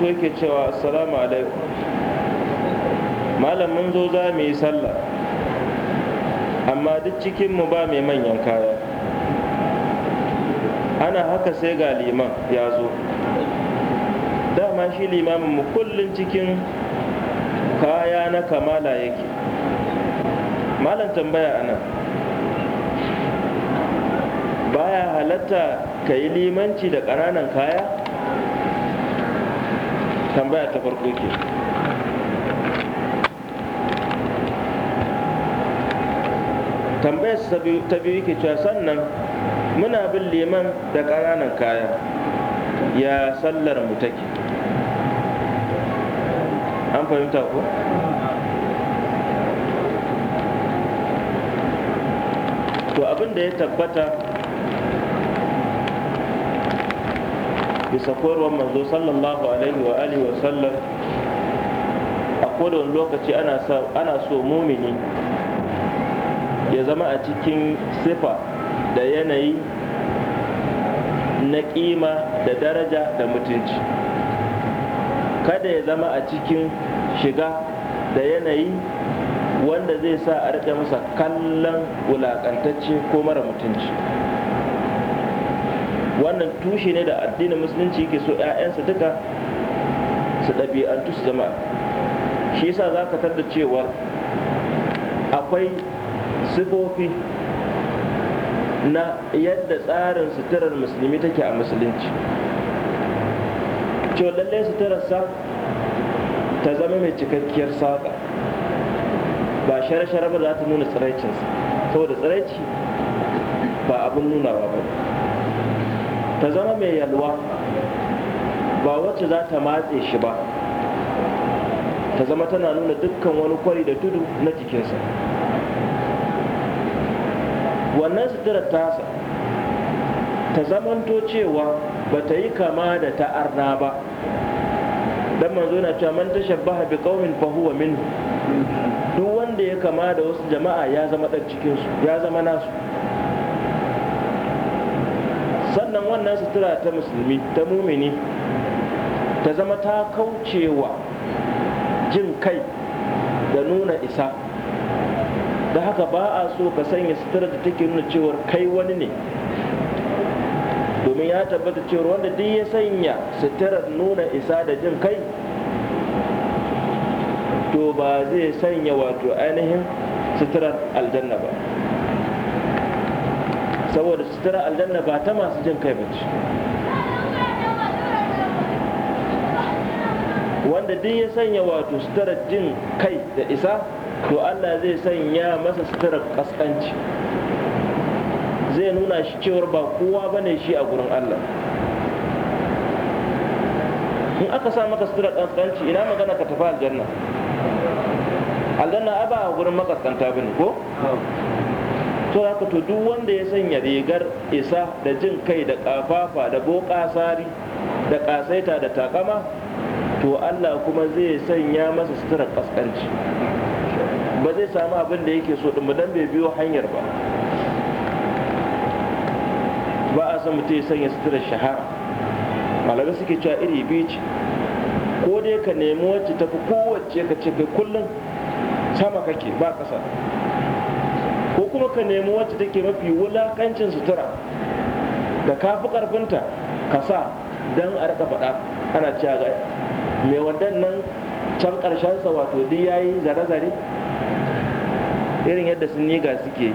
rubuto yake cewa assalamu alaikum malam mun zo za mu yi sallah amma duk cikinmu ba mai manyan kaya ana haka sai ga liman ya zo dama shi limamin mu kullum cikin kaya na kamala yake malam tambaya anan baya halatta ka yi limanci da ƙananan kaya tambaya ta farko ke tambayar ta biyu ke cewa sannan muna bin liman da ƙananan kaya ya sallar mu take an fahimta ko? to abin da ya tabbata bisa koyarwar manzo sallallahu alaihi wa alihi wa sallam a kowane lokaci ana so mumini ya zama a cikin sifa da yanayi na kima da daraja da mutunci kada ya zama a cikin shiga da yanayi wanda zai sa a rike masa kallon wulakantacce ko mara mutunci wannan tushe ne da addinin musulunci ke so 'ya'yansa duka su ɗabi'antu su zama shi yasa za ka tarda cewa akwai sifofi na yadda tsarin suturar musulmi take a musulunci cewa lallai suturarsa ta zama mai cikakkiyar saƙa ba share-share ba za ta nuna tsiraicinsa saboda tsiraici ba abin nunawa ba ta zama mai yalwa ba wacce za ta matse shi ba ta zama tana nuna dukkan wani kwari da tudu na jikinsa wannan suturar tasa ta zamanto cewa ba ta yi kama da ta'arna ba don manzo na cewa man tashabbaha bi qaumin fa huwa duk wanda ya kama da wasu jama'a ya zama ɗan cikinsu ya zama nasu wannan sutura ta musulmi ta mumini ta zama ta kaucewa jin kai da nuna isa da haka ba a so ka sanya sutura da take nuna cewar kai wani ne domin ya tabbata cewar wanda duk ya sanya suturar nuna isa da jin kai to ba zai sanya wato ainihin suturar aljanna ba saboda sutura aljanna ba ta masu jin kai bace wanda duk ya sanya wato sutura jin kai da isa to Allah zai sanya masa sutura kaskanci zai nuna shi cewar ba kowa bane shi a gurin Allah in aka sa maka sutura kaskanci ina magana ka tafi aljanna aljanna ai ba a gurin makaskanta bane ko so haka to duk wanda ya sanya rigar isa da jin kai da kafafa da boƙasari da ƙasaita da takama to Allah kuma zai sanya masa suturar kaskanci ba zai samu abin da yake so din ba dan bai biyo hanyar ba ba a san mutum ya sanya suturar shahara malamai suke cewa iri biyu ce ko dai ka nemi wacce tafi kowace ka ce kai kullum sama kake ba ƙasa ko kuma ka nemi wacce take mafi wulakancin sutura da fi karfinta ka sa don a rika faɗa ana cewa ga mai waɗannan can ƙarshensa wato duk ya yi zare-zare irin yadda sun niga suke yi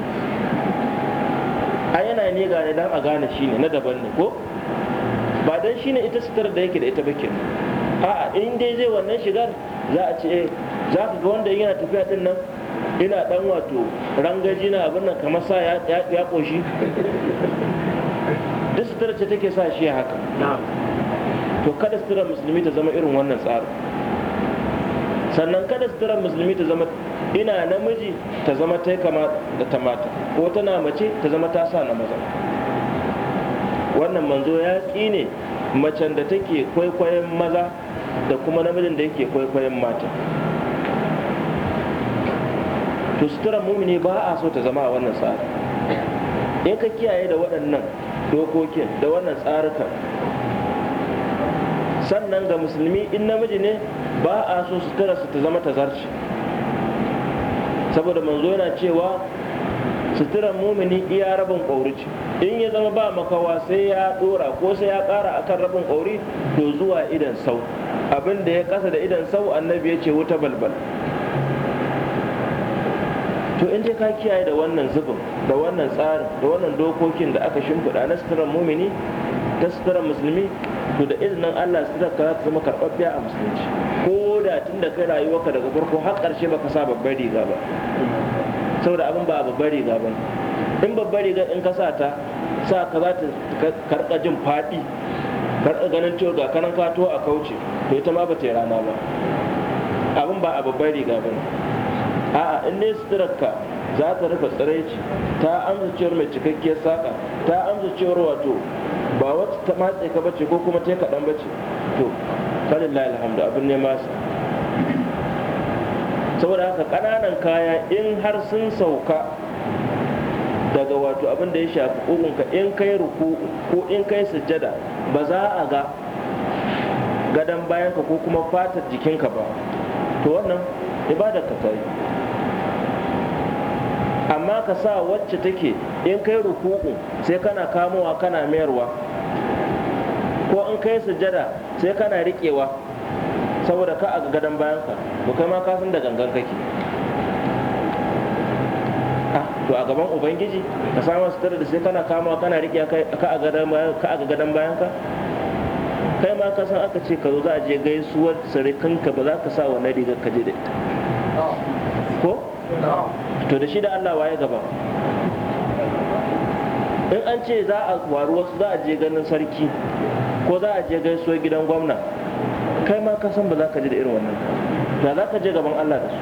a yana niga ne don a gane shi ne na daban ne ko ba don shi ne ita sutura da yake da ita bakin a'a in dai zai wannan shigar za a ce eh, za ka ga wanda yana tafiya din nan ina dan wato rangaji na abin nan kamar sa ya koshi duk sutura ce take sa shi haka to kada sutura musulmi ta zama irin wannan tsarin sannan kada sutura musulmi ta zama ina namiji ta zama ta kama da ta mata ko tana mace ta zama ta sa na maza wannan manzo ya ƙi ne macen da take kwaikwayon maza da kuma namijin da yake kwaikwayon mata to suturar mumini ba a so ta zama a wannan tsari in ka kiyaye da waɗannan dokokin da wannan tsarukan sannan ga musulmi in namiji ne ba a so su ta zama ta zarce saboda manzo yana cewa suturan mumini iya rabin ƙauri ce in ya zama ba makawa sai ya ɗora ko sai ya ƙara akan rabin ƙauri to zuwa idan sau abin ya ƙasa da idan sau annabi ya ce wuta balbal to in dai ka kiyaye da wannan zubin da wannan tsarin da wannan dokokin da aka shimfiɗa na suturar mumini ta suturar musulmi to da izinin Allah suturar ka za ta zama karɓaɓɓiya a musulunci ko da tun da kai rayuwarka daga farko har ƙarshe baka sa babbar riga ba saboda abin ba babbar riga ba in babbar riga in ka sa ta sa ka za ta karɓa jin faɗi karɓa ganin cewa ga kanan kato a kauce to ita ma ba ta yi rana ba abin ba a babbar riga ba ne a'a in ne suturarka za ta rufe tsiraici ta amsa cewar mai cikakkiyar saƙa ta amsa cewar wato ba wata ta matse ka bace ko kuma ta yi kaɗan bace to falillahi alhamdu abin ne masa saboda haka ƙananan kaya in har sun sauka daga wato abin da ya shafi ƙugunka in kai ruku ko in kai sujjada ba za a ga gadon bayanka ko kuma fatar jikinka ba to wannan ibadar ka ta amma ka sa wacce take in kai ruku'u sai kana kamowa kana mayarwa ko in kai sujada sai kana riƙewa saboda ka a gadon bayanka ba kai ma ka san da gangan kake ah, to a gaban ubangiji ka samu sutura da sai kana kamowa kana riƙe ka a gadon bayan ka kai ma ka san aka ce ka zo za a je gaisuwar sarikanka ba za ka sa wannan rigar ka je da ita ko to da shi da Allah waye gaba in an ce za a waru wasu za a je ganin sarki ko za a je gaisuwar gidan gwamna kai ma ka san ba za ka ji da irin wannan ba za ka je gaban Allah da su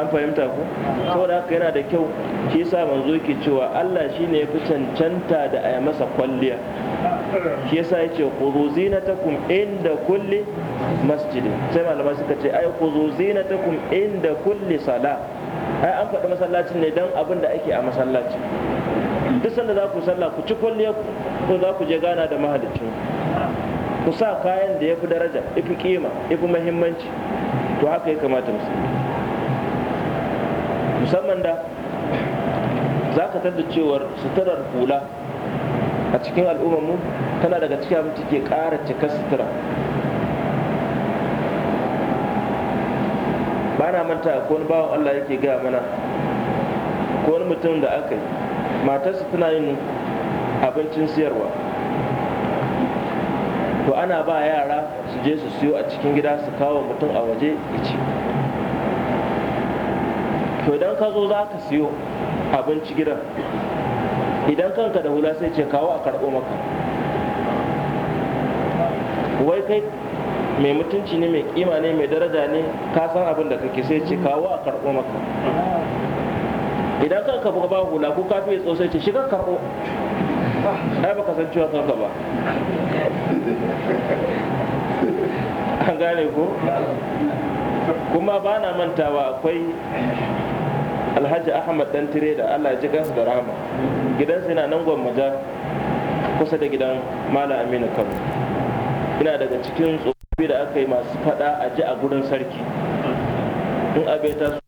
an fahimta ku saboda haka yana da kyau shi sa manzo yake cewa Allah shine ya fi cancanta da a masa kwalliya shi yasa yace ta kun inda kulle masjidi sai malamai suka ce ai ta kun inda kulle sala ai an faɗi masallacin ne don abin da ake a masallaci duk sanda za ku sallah ku ci kulle ko za ku je gana da mahalicin ku sa kayan da ya fi daraja ifi kima ifi muhimmanci to haka ya kamata musulmi musamman da za ka tattacewar cewar suturar hula a cikin al'ummar mu tana daga cikin abin da ke ƙara cika sutura ba na manta ko wani bawan Allah yake gaya mana ko wani mutum da aka yi matarsa tana yin abincin siyarwa to ana ba yara su je su siyo a cikin gida su kawo mutum a waje ya ci to idan ka zo za ka siyo abinci gidan idan kanka da hula sai ce kawo a karɓo maka wai kai mai mutunci ne mai kima ne mai daraja ne ka san abin da kake sai ce kawo a karɓo maka idan kanka ba hula ko ka fiye tsosai ce shiga karɓo ai baka san cewa kanka ba an gane ko kuma ba na mantawa akwai alhaji ahmad dan tire da allah ji gansu da rahama gidansa yana nan gwammaja kusa da gidan malam aminu kano ina daga cikin tsofaffi da aka yi masu fada a ji a gurin sarki in abe ta